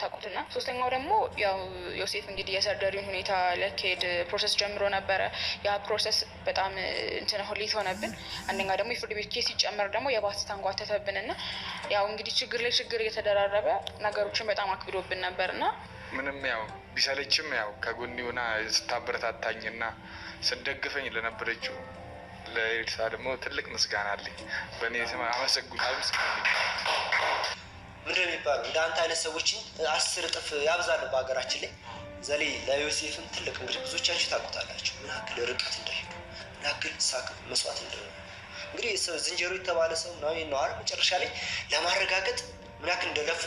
እንደምታውቁት እና ሶስተኛው ደግሞ ያው ዮሴፍ እንግዲህ የሰርደሪውን ሁኔታ ለካሄድ ፕሮሰስ ጀምሮ ነበረ። ያ ፕሮሰስ በጣም እንትን ሆሌት ሆነብን። አንደኛ ደግሞ የፍርድ ቤት ኬስ ሲጨመር ደግሞ የባስ ታንጓተተብን እና ያው እንግዲህ ችግር ላይ ችግር እየተደራረበ ነገሮችን በጣም አክብዶብን ነበር እና ምንም ያው ቢሰለችም ያው ሆና ስታበረታታኝ ስታበረታታኝና ስደግፈኝ ለነበረችው ለኤልሳ ደግሞ ትልቅ ምስጋና አለኝ። በእኔ ስም አመሰግናለሁ። ምስጋና ምንድን ነው የሚባለው? እንደ አንተ አይነት ሰዎችን አስር እጥፍ ያብዛሉ በሀገራችን ላይ። ዘሌ ለዮሴፍም ትልቅ እንግዲህ ብዙዎቻችሁ ታውቁታላችሁ፣ ምን ያክል ርቀት እንዳሄዱ፣ ምን ያክል ሳቅ መስዋዕት እንደሆነ እንግዲህ ዝንጀሮ የተባለ ሰው ነው አረ መጨረሻ ላይ ለማረጋገጥ ምን ያክል እንደለፉ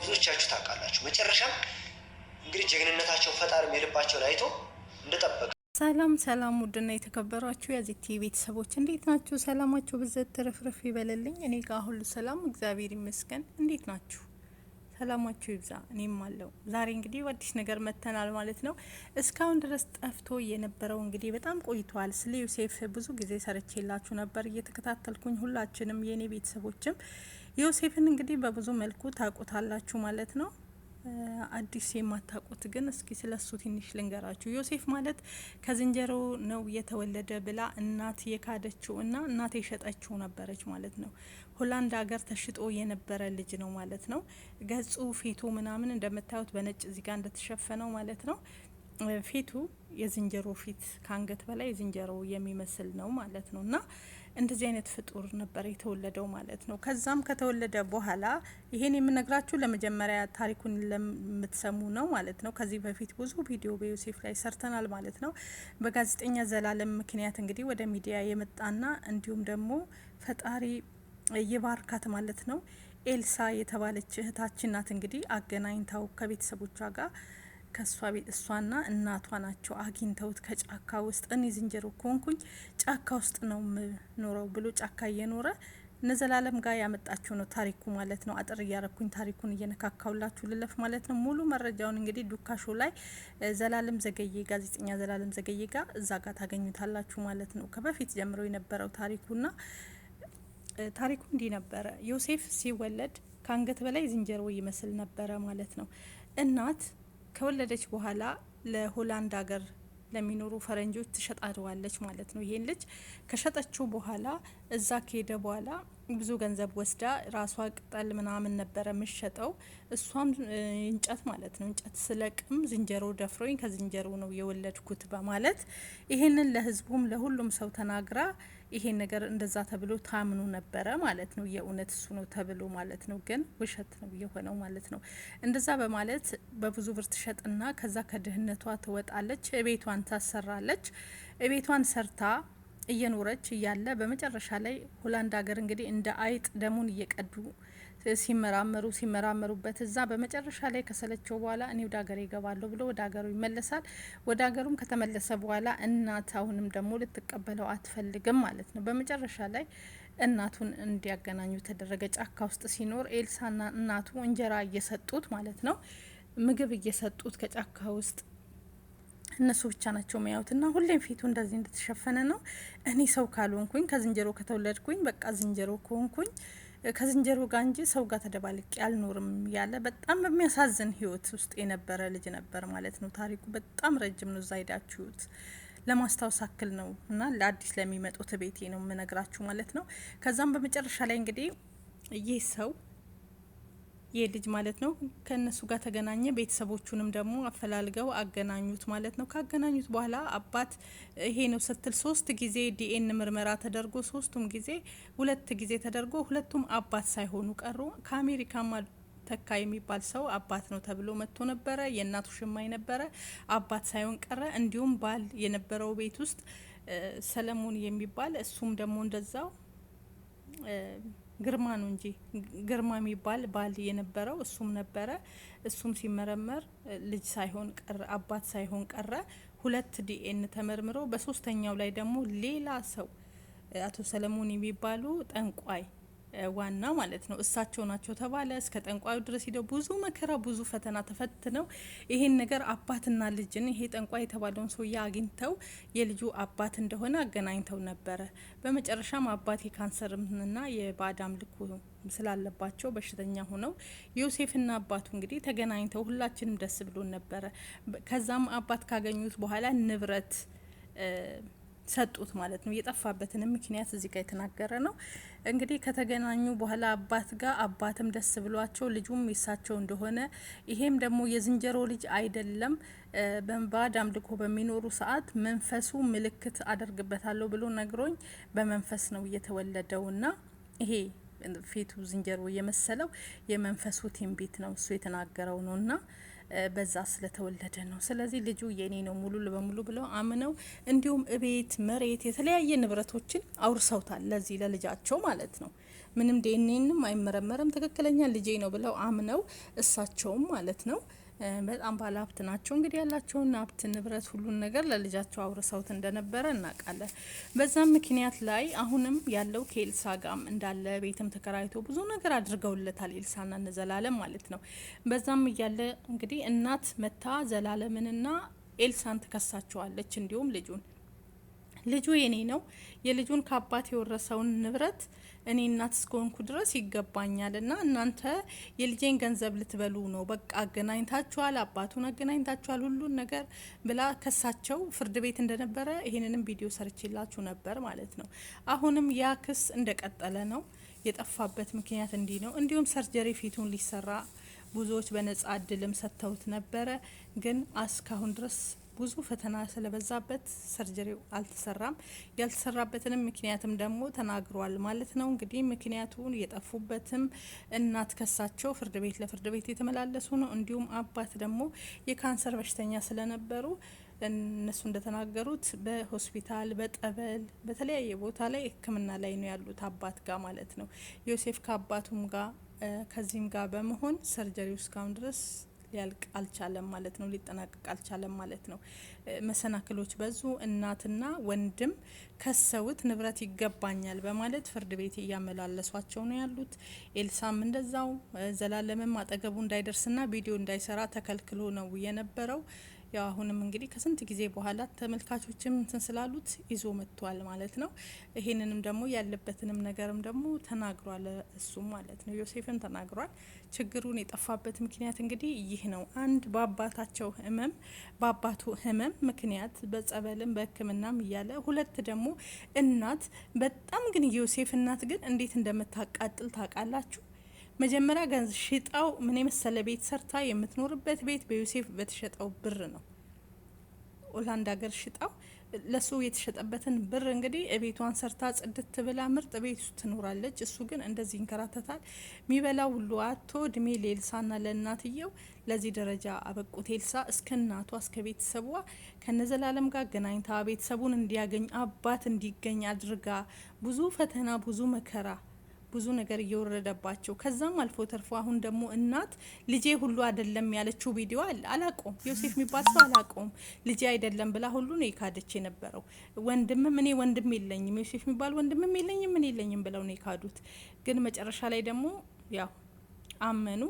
ብዙዎቻችሁ ታውቃላችሁ። መጨረሻም እንግዲህ ጀግንነታቸው ፈጣሪ የልባቸውን አይቶ እንደጠበቀ ሰላም ሰላም፣ ውድና የተከበራችሁ የዚህ ቲቪ ቤተሰቦች እንዴት ናችሁ? ሰላማችሁ ብዘት ትርፍርፍ ይበለልኝ። እኔ ጋር ሁሉ ሰላም እግዚአብሔር ይመስገን። እንዴት ናችሁ? ሰላማችሁ ይብዛ። እኔም አለው። ዛሬ እንግዲህ በአዲስ ነገር መጥተናል ማለት ነው። እስካሁን ድረስ ጠፍቶ የነበረው እንግዲህ በጣም ቆይቷል። ስለ ዮሴፍ ብዙ ጊዜ ሰርቼላችሁ ነበር እየተከታተልኩኝ ሁላችንም የእኔ ቤተሰቦችም ዮሴፍን እንግዲህ በብዙ መልኩ ታውቁታላችሁ ማለት ነው አዲስ የማታውቁት ግን እስኪ ስለ እሱ ትንሽ ልንገራችሁ። ዮሴፍ ማለት ከዝንጀሮ ነው የተወለደ ብላ እናት የካደችው እና እናት የሸጠችው ነበረች ማለት ነው። ሆላንድ ሀገር ተሽጦ የነበረ ልጅ ነው ማለት ነው። ገጹ፣ ፊቱ ምናምን እንደምታዩት በነጭ ዚጋ እንደተሸፈነው ማለት ነው። ፊቱ የዝንጀሮ ፊት ከአንገት በላይ ዝንጀሮ የሚመስል ነው ማለት ነው እና እንደዚህ አይነት ፍጡር ነበር የተወለደው ማለት ነው። ከዛም ከተወለደ በኋላ ይሄን የምነግራችሁ ለመጀመሪያ ታሪኩን ለምትሰሙ ነው ማለት ነው። ከዚህ በፊት ብዙ ቪዲዮ በዮሴፍ ላይ ሰርተናል ማለት ነው። በጋዜጠኛ ዘላለም ምክንያት እንግዲህ ወደ ሚዲያ የመጣና እንዲሁም ደግሞ ፈጣሪ የባርካት ማለት ነው ኤልሳ የተባለች እህታችን ናት እንግዲህ አገናኝታው ከቤተሰቦቿ ጋር ከእሷ ቤት እሷና እናቷ ናቸው አግኝተውት ከጫካ ውስጥ እኔ ዝንጀሮ ኮንኩኝ ጫካ ውስጥ ነው ምኖረው ብሎ ጫካ እየኖረ እነዘላለም ጋር ያመጣችሁ ነው ታሪኩ ማለት ነው። አጥር እያረኩኝ ታሪኩን እየነካካውላችሁ ልለፍ ማለት ነው። ሙሉ መረጃውን እንግዲህ ዱካሾ ላይ ዘላለም ዘገዬ ጋዜጠኛ ዘላለም ዘገዬ ጋር እዛ ጋር ታገኙታላችሁ ማለት ነው። ከበፊት ጀምሮ የነበረው ታሪኩና ታሪኩ እንዲህ ነበረ። ዮሴፍ ሲወለድ ከአንገት በላይ ዝንጀሮ ይመስል ነበረ ማለት ነው እናት ከወለደች በኋላ ለሆላንድ ሀገር ለሚኖሩ ፈረንጆች ትሸጣዋለች ማለት ነው። ይሄን ልጅ ከሸጠችው በኋላ እዛ ከሄደ በኋላ ብዙ ገንዘብ ወስዳ ራሷ ቅጠል ምናምን ነበረ የምሸጠው፣ እሷም እንጨት ማለት ነው። እንጨት ስለቅም ዝንጀሮ ደፍሮኝ ከዝንጀሮ ነው የወለድኩት በማለት ይሄንን ለህዝቡም ለሁሉም ሰው ተናግራ ይሄ ነገር እንደዛ ተብሎ ታምኑ ነበረ ማለት ነው። የእውነት እሱ ነው ተብሎ ማለት ነው። ግን ውሸት ነው የሆነው ማለት ነው። እንደዛ በማለት በብዙ ብር ትሸጥና ከዛ ከድህነቷ ትወጣለች። ቤቷን ታሰራለች። ቤቷን ሰርታ እየኖረች እያለ በመጨረሻ ላይ ሆላንድ ሀገር እንግዲህ እንደ አይጥ ደሙን እየቀዱ ሲመራመሩ ሲመራመሩበት እዛ በመጨረሻ ላይ ከሰለቸው በኋላ እኔ ወደ ሀገር ይገባለሁ ብሎ ወደ ሀገሩ ይመለሳል። ወደ ሀገሩም ከተመለሰ በኋላ እናት አሁንም ደግሞ ልትቀበለው አትፈልግም ማለት ነው። በመጨረሻ ላይ እናቱን እንዲያገናኙ ተደረገ። ጫካ ውስጥ ሲኖር ኤልሳና እናቱ እንጀራ እየሰጡት ማለት ነው ምግብ እየሰጡት ከጫካ ውስጥ እነሱ ብቻ ናቸው የሚያዩት እና ሁሌም ፊቱ እንደዚህ እንደተሸፈነ ነው። እኔ ሰው ካልሆንኩኝ ከዝንጀሮ ከተወለድኩኝ በቃ ዝንጀሮ ከሆንኩኝ ከዝንጀሮ ጋር እንጂ ሰው ጋር ተደባልቄ አልኖርም ያለ በጣም በሚያሳዝን ህይወት ውስጥ የነበረ ልጅ ነበር ማለት ነው። ታሪኩ በጣም ረጅም ነው። እዛ ሄዳችሁት ለማስታወስ አክል ነው እና ለአዲስ ለሚመጡት ቤቴ ነው የምነግራችሁ ማለት ነው። ከዛም በመጨረሻ ላይ እንግዲህ ይህ ሰው ልጅ ማለት ነው። ከእነሱ ጋር ተገናኘ። ቤተሰቦቹንም ደግሞ አፈላልገው አገናኙት ማለት ነው። ካገናኙት በኋላ አባት ይሄ ነው ስትል ሶስት ጊዜ ዲኤን ምርመራ ተደርጎ ሶስቱም ጊዜ ሁለት ጊዜ ተደርጎ ሁለቱም አባት ሳይሆኑ ቀሩ። ከአሜሪካማ ተካ የሚባል ሰው አባት ነው ተብሎ መጥቶ ነበረ። የእናቱ ሽማ ነበረ፣ አባት ሳይሆን ቀረ። እንዲሁም ባል የነበረው ቤት ውስጥ ሰለሞን የሚባል እሱም ደግሞ እንደዛው ግርማ ነው እንጂ ግርማ የሚባል ባል የነበረው እሱም ነበረ። እሱም ሲመረመር ልጅ ሳይሆን ቀረ፣ አባት ሳይሆን ቀረ። ሁለት ዲኤን ተመርምሮ በሶስተኛው ላይ ደግሞ ሌላ ሰው አቶ ሰለሞን የሚባሉ ጠንቋይ ዋና ማለት ነው እሳቸው ናቸው ተባለ። እስከ ጠንቋዩ ድረስ ሄደው ብዙ መከራ ብዙ ፈተና ተፈትነው ይሄን ነገር አባትና ልጅን ይሄ ጠንቋይ የተባለውን ሰውዬ አግኝተው የልጁ አባት እንደሆነ አገናኝተው ነበረ። በመጨረሻም አባት የካንሰርና የባዕድ አምልኮ ስላለባቸው በሽተኛ ሆነው ዮሴፍና አባቱ እንግዲህ ተገናኝተው ሁላችንም ደስ ብሎን ነበረ። ከዛም አባት ካገኙት በኋላ ንብረት ሰጡት ማለት ነው። የጠፋበትንም ምክንያት እዚህ ጋር የተናገረ ነው። እንግዲህ ከተገናኙ በኋላ አባት ጋር አባትም ደስ ብሏቸው ልጁም ይሳቸው እንደሆነ ይሄም ደግሞ የዝንጀሮ ልጅ አይደለም በባዕድ አምልኮ በሚኖሩ ሰዓት መንፈሱ ምልክት አደርግበታለሁ ብሎ ነግሮኝ በመንፈስ ነው እየተወለደውና ይሄ ፊቱ ዝንጀሮ የመሰለው የመንፈሱ ትንቢት ነው እሱ የተናገረው ነውና በዛ ስለተወለደ ነው። ስለዚህ ልጁ የኔ ነው ሙሉ በሙሉ ብለው አምነው እንዲሁም እቤት፣ መሬት፣ የተለያየ ንብረቶችን አውርሰውታል ለዚህ ለልጃቸው ማለት ነው። ምንም ዲኤንኤንም አይመረመርም ትክክለኛ ልጄ ነው ብለው አምነው እሳቸውም ማለት ነው በጣም ባለ ሀብት ናቸው። እንግዲህ ያላቸውን ሀብት ንብረት፣ ሁሉን ነገር ለልጃቸው አውርሰውት እንደነበረ እናውቃለን። በዛም ምክንያት ላይ አሁንም ያለው ከኤልሳ ጋም እንዳለ ቤትም ተከራይቶ ብዙ ነገር አድርገውለታል። ኤልሳና እነ ዘላለም ማለት ነው። በዛም እያለ እንግዲህ እናት መታ ዘላለምንና ኤልሳን ትከሳቸዋለች እንዲሁም ልጁን ልጁ የኔ ነው። የልጁን ከአባት የወረሰውን ንብረት እኔ እናት እስከሆንኩ ድረስ ይገባኛል እና እናንተ የልጄን ገንዘብ ልትበሉ ነው፣ በቃ አገናኝታችኋል፣ አባቱን አገናኝታችኋል፣ ሁሉን ነገር ብላ ከሳቸው ፍርድ ቤት እንደነበረ ይህንንም ቪዲዮ ሰርችላችሁ ነበር ማለት ነው። አሁንም ያ ክስ እንደቀጠለ ነው። የጠፋበት ምክንያት እንዲህ ነው። እንዲሁም ሰርጀሪ ፊቱን ሊሰራ ብዙዎች በነጻ እድልም ሰጥተውት ነበረ ግን እስካሁን ድረስ ብዙ ፈተና ስለበዛበት ሰርጀሪው አልተሰራም። ያልተሰራበትንም ምክንያትም ደግሞ ተናግሯል ማለት ነው። እንግዲህ ምክንያቱን የጠፉበትም እናት ከሳቸው ፍርድ ቤት ለፍርድ ቤት የተመላለሱ ነው። እንዲሁም አባት ደግሞ የካንሰር በሽተኛ ስለነበሩ እነሱ እንደተናገሩት በሆስፒታል በጠበል በተለያየ ቦታ ላይ ሕክምና ላይ ነው ያሉት አባት ጋር ማለት ነው። ዮሴፍ ከአባቱም ጋር ከዚህም ጋር በመሆን ሰርጀሪው እስካሁን ድረስ ሊያልቅ አልቻለም ማለት ነው፣ ሊጠናቀቅ አልቻለም ማለት ነው። መሰናክሎች በዙ። እናትና ወንድም ከሰውት ንብረት ይገባኛል በማለት ፍርድ ቤት እያመላለሷቸው ነው ያሉት። ኤልሳም እንደዛው ዘላለምም አጠገቡ እንዳይደርስና ቪዲዮ እንዳይሰራ ተከልክሎ ነው የነበረው። ያው አሁንም እንግዲህ ከስንት ጊዜ በኋላ ተመልካቾችም እንትን ስላሉት ይዞ መጥቷል ማለት ነው። ይሄንንም ደግሞ ያለበትንም ነገርም ደግሞ ተናግሯል እሱ ማለት ነው። ዮሴፍን ተናግሯል። ችግሩን የጠፋበት ምክንያት እንግዲህ ይህ ነው። አንድ በአባታቸው ህመም በአባቱ ህመም ምክንያት በጸበልም በህክምናም እያለ ሁለት ደግሞ እናት በጣም ግን ዮሴፍ እናት ግን እንዴት እንደምታቃጥል ታውቃላችሁ። መጀመሪያ ገንዝ ሽጣው ምን የመሰለ ቤት ሰርታ የምትኖርበት ቤት በዮሴፍ በተሸጠው ብር ነው። ኦላንድ ሀገር ሽጣው ለሱ የተሸጠበትን ብር እንግዲህ ቤቷን ሰርታ ጽድት ብላ ምርጥ ቤት ውስጥ ትኖራለች። እሱ ግን እንደዚህ ይንከራተታል። የሚበላው ሁሉ አቶ እድሜ ለኤልሳና ለእናትየው ለዚህ ደረጃ አበቁት። ኤልሳ እስከ እናቷ እስከ ቤተሰቧ ከነዘላለም ጋር ገናኝታ ቤተሰቡን እንዲያገኝ አባት እንዲገኝ አድርጋ ብዙ ፈተና ብዙ መከራ ብዙ ነገር እየወረደባቸው ከዛም አልፎ ተርፎ አሁን ደግሞ እናት ልጄ ሁሉ አይደለም ያለችው ቪዲዮ አለ። አላቀውም ዮሴፍ የሚባል ሰው አላቀውም ልጄ አይደለም ብላ ሁሉ ነው የካደች የነበረው። ወንድም እኔ ወንድም የለኝም ዮሴፍ የሚባል ወንድምም የለኝም ምን የለኝም ብለው ነው የካዱት። ግን መጨረሻ ላይ ደግሞ ያው አመኑ።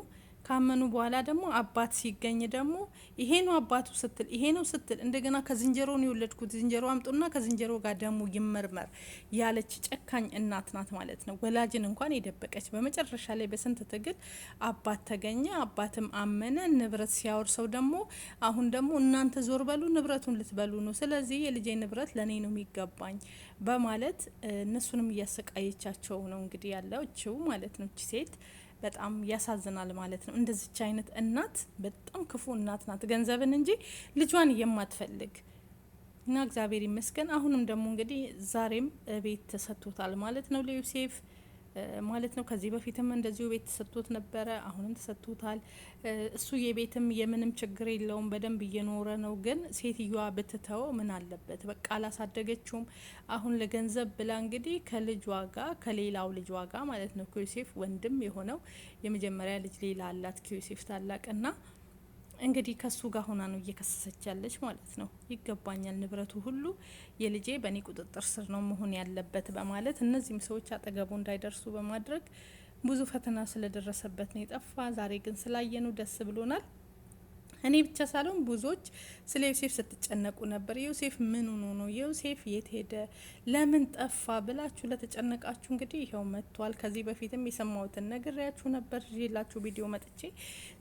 ካመኑ በኋላ ደግሞ አባት ሲገኝ ደግሞ ይሄ ነው አባቱ ስትል ይሄ ነው ስትል እንደገና ከዝንጀሮ ነው የወለድኩት ዝንጀሮ አምጡና ከዝንጀሮ ጋር ደግሞ ይመርመር ያለች ጨካኝ እናት ናት ማለት ነው። ወላጅን እንኳን የደበቀች በመጨረሻ ላይ በስንት ትግል አባት ተገኘ። አባትም አመነ። ንብረት ሲያወር ሰው ደግሞ አሁን ደግሞ እናንተ ዞር በሉ ንብረቱን ልትበሉ ነው፣ ስለዚህ የልጄ ንብረት ለእኔ ነው የሚገባኝ በማለት እነሱንም እያሰቃየቻቸው ነው እንግዲህ ያለችው ማለት ነው ሴት በጣም ያሳዝናል ማለት ነው። እንደዚች አይነት እናት በጣም ክፉ እናት ናት፣ ገንዘብን እንጂ ልጇን የማትፈልግ እና እግዚአብሔር ይመስገን። አሁንም ደግሞ እንግዲህ ዛሬም ቤት ተሰጥቶታል ማለት ነው ለዮሴፍ ማለት ነው። ከዚህ በፊትም እንደዚሁ ቤት ተሰጥቶት ነበረ፣ አሁንም ተሰጥቶታል። እሱ የቤትም የምንም ችግር የለውም፣ በደንብ እየኖረ ነው። ግን ሴትዮዋ ብትተው ምን አለበት? በቃ አላሳደገችውም። አሁን ለገንዘብ ብላ እንግዲህ ከልጇ ጋር ከሌላው ልጇ ጋር ማለት ነው ኪዮሴፍ ወንድም የሆነው የመጀመሪያ ልጅ ሌላ አላት ኪዮሴፍ ታላቅና እንግዲህ ከሱ ጋር ሆና ነው እየከሰሰች ያለች ማለት ነው። ይገባኛል ንብረቱ ሁሉ የልጄ በእኔ ቁጥጥር ስር ነው መሆን ያለበት በማለት እነዚህም ሰዎች አጠገቡ እንዳይደርሱ በማድረግ ብዙ ፈተና ስለደረሰበት ነው የጠፋ። ዛሬ ግን ስላየኑ ደስ ብሎናል። እኔ ብቻ ሳልሆን ብዙዎች ስለ ዮሴፍ ስትጨነቁ ነበር። ዮሴፍ ምን ሆኖ ነው? ዮሴፍ የት ሄደ? ለምን ጠፋ? ብላችሁ ለተጨነቃችሁ እንግዲህ ይኸው መጥቷል። ከዚህ በፊትም የሰማሁትን ነግሬያችሁ ነበር። ላችሁ ቪዲዮ መጥቼ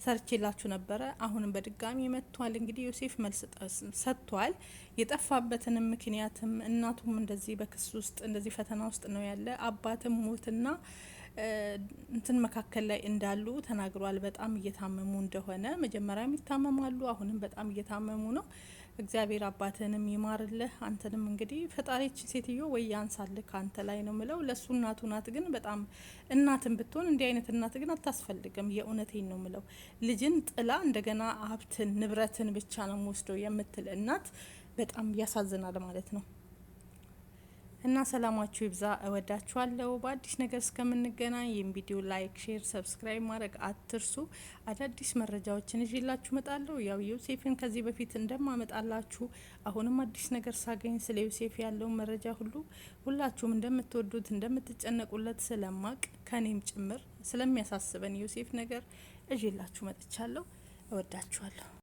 ሰርቼላችሁ ነበረ። አሁንም በድጋሚ መጥቷል። እንግዲህ ዮሴፍ መልስ ሰጥቷል። የጠፋበትንም ምክንያትም እናቱም እንደዚህ በክስ ውስጥ እንደዚህ ፈተና ውስጥ ነው ያለ አባትም ሞትና እንትን መካከል ላይ እንዳሉ ተናግሯል። በጣም እየታመሙ እንደሆነ መጀመሪያም ይታመማሉ፣ አሁንም በጣም እየታመሙ ነው። እግዚአብሔር አባትንም ይማርልህ። አንተንም እንግዲህ ፈጣሪች ሴትዮ ወይ ያንሳልህ ከአንተ ላይ ነው ምለው። ለእሱ እናቱ ናት፣ ግን በጣም እናትን ብትሆን እንዲህ አይነት እናት ግን አታስፈልግም። የእውነቴን ነው ምለው። ልጅን ጥላ እንደገና ሀብትን ንብረትን ብቻ ነው ወስደው የምትል እናት በጣም ያሳዝናል ማለት ነው። እና ሰላማችሁ ይብዛ። እወዳችኋለሁ። በአዲስ ነገር እስከምንገናኝ ይህም ቪዲዮ ላይክ፣ ሼር፣ ሰብስክራይብ ማድረግ አትርሱ። አዳዲስ መረጃዎችን ይዤላችሁ እመጣለሁ። ያው ዮሴፍን ከዚህ በፊት እንደማመጣላችሁ አሁንም አዲስ ነገር ሳገኝ ስለ ዮሴፍ ያለውን መረጃ ሁሉ ሁላችሁም እንደምትወዱት እንደምትጨነቁለት ስለማቅ ከኔም ጭምር ስለሚያሳስበን ዮሴፍ ነገር እዤላችሁ መጥቻለሁ። እወዳችኋለሁ።